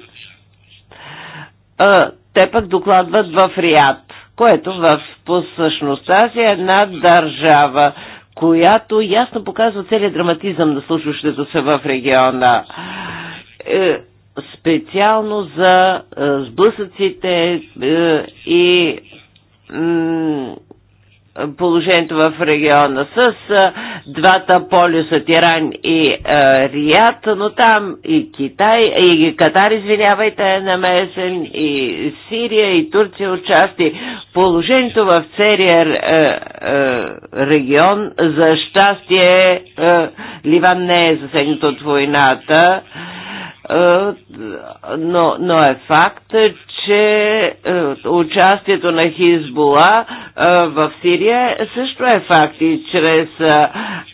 те пък докладват в Риад, което в същността е една държава, която ясно показва целият драматизъм на случващото се в региона е, специално за е, сблъсъците е, и положението в региона с е, двата полюса Тиран и Рият, но там и Китай, и Катар, извинявайте, е намесен, и Сирия, и Турция участи. Положението в целия регион, за щастие, Ливан не е засегнат от войната е, но, но е факт, че е, участието на Хизбола е, в Сирия също е факт и чрез а,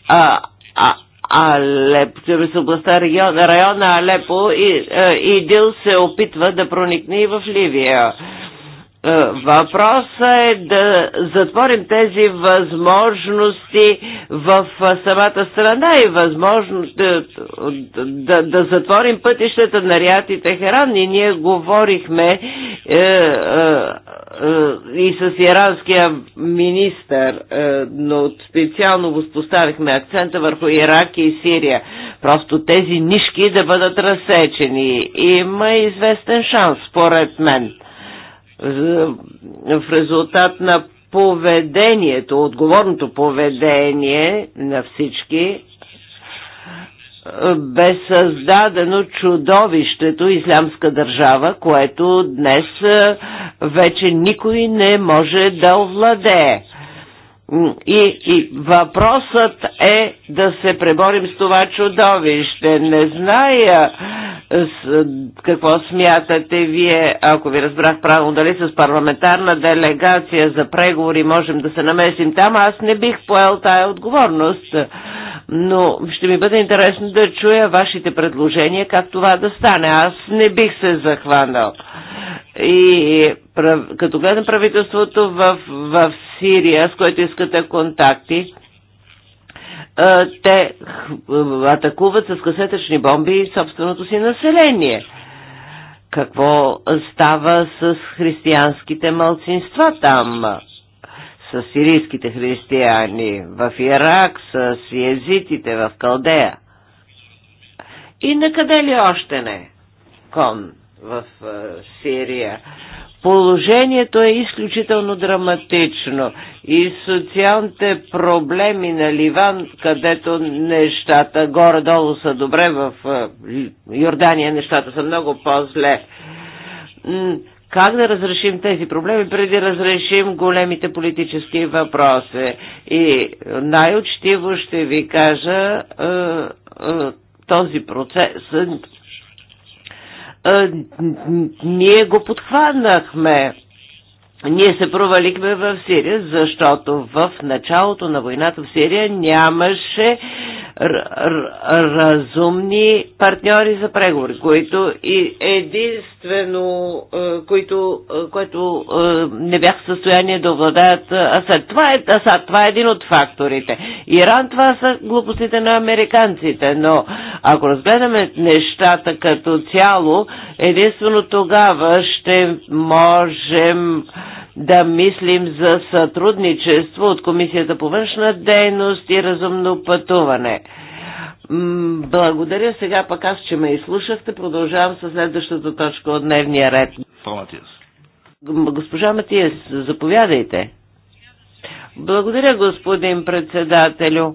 а, Алеп, чрез областта район, района Алепо и, и се опитва да проникне и в Ливия. Е, Въпроса е да затворим тези възможности в самата страна и възможност да, да, да затворим пътищата на Ряд и Техеран. И ние говорихме е, е, е, и с иранския министр, е, но специално възпоставихме акцента върху Ирак и Сирия. Просто тези нишки да бъдат разсечени. Има известен шанс, според мен в резултат на поведението, отговорното поведение на всички, бе създадено чудовището Ислямска държава, което днес вече никой не може да овладее. И, и въпросът е да се преборим с това чудовище. Не зная с, какво смятате вие, ако ви разбрах правилно, дали с парламентарна делегация за преговори можем да се намесим там. Аз не бих поел тая отговорност, но ще ми бъде интересно да чуя вашите предложения как това да стане. Аз не бих се захванал. И като гледам правителството в, в Сирия, с което искате контакти, те атакуват с касетъчни бомби собственото си население. Какво става с християнските малцинства там? С сирийските християни в Ирак, с езитите в Калдея? И накъде ли още не? Кон в Сирия. Положението е изключително драматично и социалните проблеми на Ливан, където нещата горе-долу са добре, в Йордания нещата са много по-зле. Как да разрешим тези проблеми преди да разрешим големите политически въпроси? И най-учтиво ще ви кажа, този процес, ние го подхванахме. Ние се провалихме в Сирия, защото в началото на войната в Сирия нямаше разумни партньори за преговори, които и единствено, е, които, е, което е, не бях в състояние да овладаят Асад. Това е, Асад, това е един от факторите. Иран това са глупостите на американците, но ако разгледаме нещата като цяло, единствено тогава ще можем да мислим за сътрудничество от Комисията по външна дейност и разумно пътуване. Благодаря сега пък аз, че ме изслушахте. Продължавам със следващата точка от дневния ред. Госпожа Матиес, заповядайте. Благодаря, господин председателю. Е,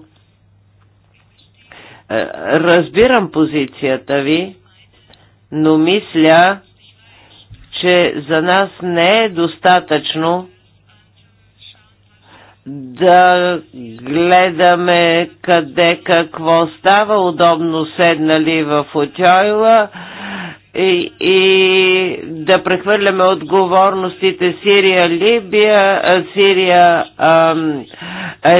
разбирам позицията ви, но мисля, че за нас не е достатъчно да гледаме къде какво става, удобно седнали в отойла, и, да прехвърляме отговорностите Сирия, Либия, Сирия,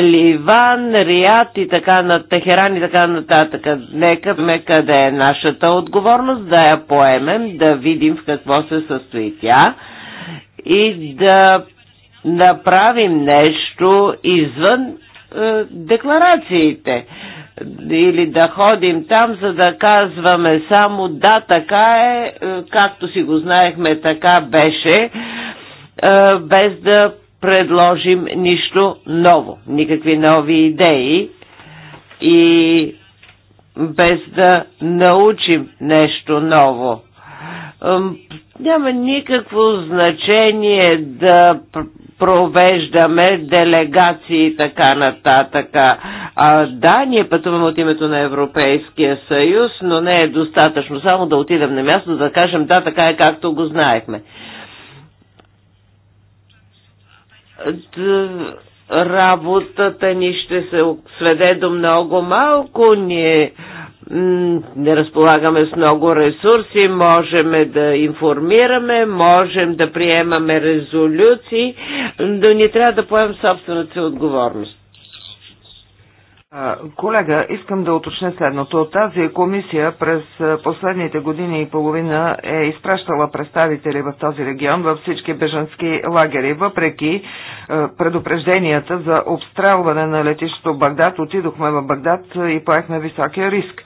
Ливан, Риад и така на Техеран и така нататък. Нека ме къде е нашата отговорност, да я поемем, да видим в какво се състои тя и да направим нещо извън е, декларациите или да ходим там, за да казваме само да, така е, е както си го знаехме, така беше, е, без да предложим нищо ново, никакви нови идеи и без да научим нещо ново няма никакво значение да провеждаме делегации и така нататък. А, да, ние пътуваме от името на Европейския съюз, но не е достатъчно само да отидем на място, да кажем да, така е както го знаехме работата ни ще се сведе до много малко. Ние не разполагаме с много ресурси, можем да информираме, можем да приемаме резолюции, но ни трябва да поемем собствената си отговорност. Колега, искам да уточня следното. Тази комисия през последните години и половина е изпращала представители в този регион във всички бежански лагери. Въпреки предупрежденията за обстрелване на летището Багдад, отидохме в Багдад и поехме високия риск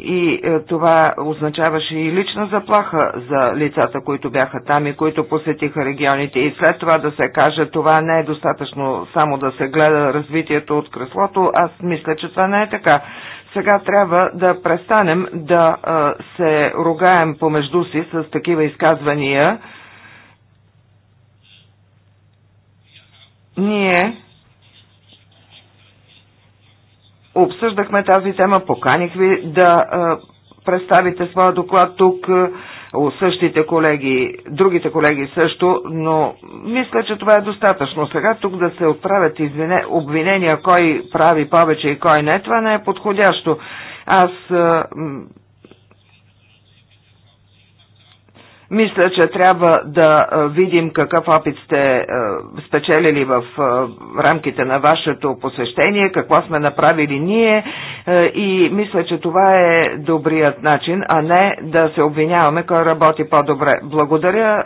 и е, това означаваше и лична заплаха за лицата, които бяха там и които посетиха регионите. И след това да се каже, това не е достатъчно само да се гледа развитието от креслото, аз мисля, че това не е така. Сега трябва да престанем да е, се ругаем помежду си с такива изказвания. Ние обсъждахме тази тема, поканих ви да представите своя доклад тук, същите колеги, другите колеги също, но мисля, че това е достатъчно. Сега тук да се отправят извине, обвинения кой прави повече и кой не, това не е подходящо. Аз Мисля, че трябва да видим какъв опит сте спечелили в рамките на вашето посещение, какво сме направили ние и мисля, че това е добрият начин, а не да се обвиняваме кой работи по-добре. Благодаря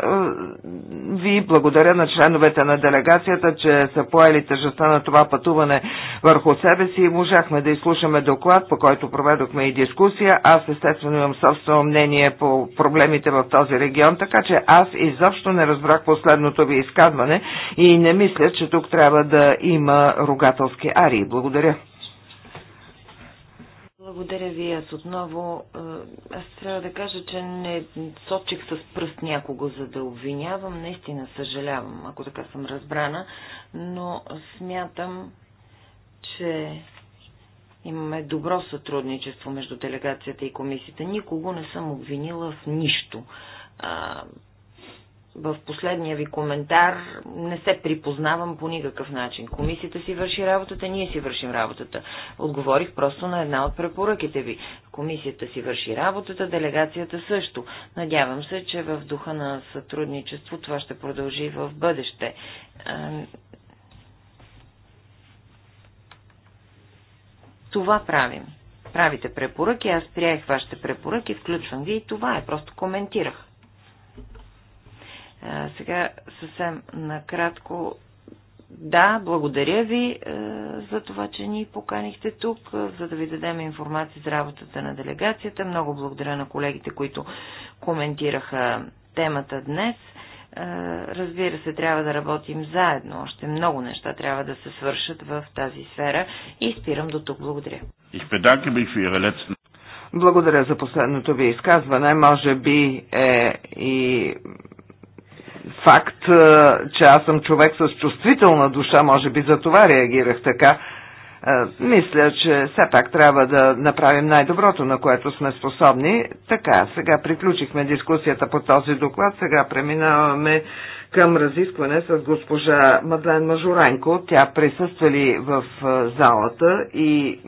ви, благодаря на членовете на делегацията, че са поели тежестта на това пътуване върху себе си и можахме да изслушаме доклад, по който проведохме и дискусия. Аз естествено имам собствено мнение по проблемите в този регион, така че аз изобщо не разбрах последното ви изказване и не мисля, че тук трябва да има ругателски арии. Благодаря. Благодаря ви. Аз отново, е, аз трябва да кажа, че не сочих с пръст някого, за да обвинявам. Наистина съжалявам, ако така съм разбрана, но смятам, че имаме добро сътрудничество между делегацията и комисията. Никого не съм обвинила в нищо. А, в последния ви коментар не се припознавам по никакъв начин. Комисията си върши работата, ние си вършим работата. Отговорих просто на една от препоръките ви. Комисията си върши работата, делегацията също. Надявам се, че в духа на сътрудничество това ще продължи в бъдеще. Това правим. Правите препоръки, аз приех вашите препоръки, включвам ви и това е, просто коментирах. А, сега съвсем накратко. Да, благодаря ви а, за това, че ни поканихте тук, а, за да ви дадем информация за работата на делегацията. Много благодаря на колегите, които коментираха темата днес. Е, разбира се, трябва да работим заедно. Още много неща трябва да се свършат в тази сфера и спирам до тук. Благодаря. Благодаря за последното ви изказване. Може би е и факт, е, че аз съм човек с чувствителна душа, може би за това реагирах така. Е, мисля, че все пак трябва да направим най-доброто, на което сме способни. Така, сега приключихме дискусията по този доклад, сега преминаваме към разискване с госпожа Мадлен Мажоранко. Тя присъства ли в е, залата и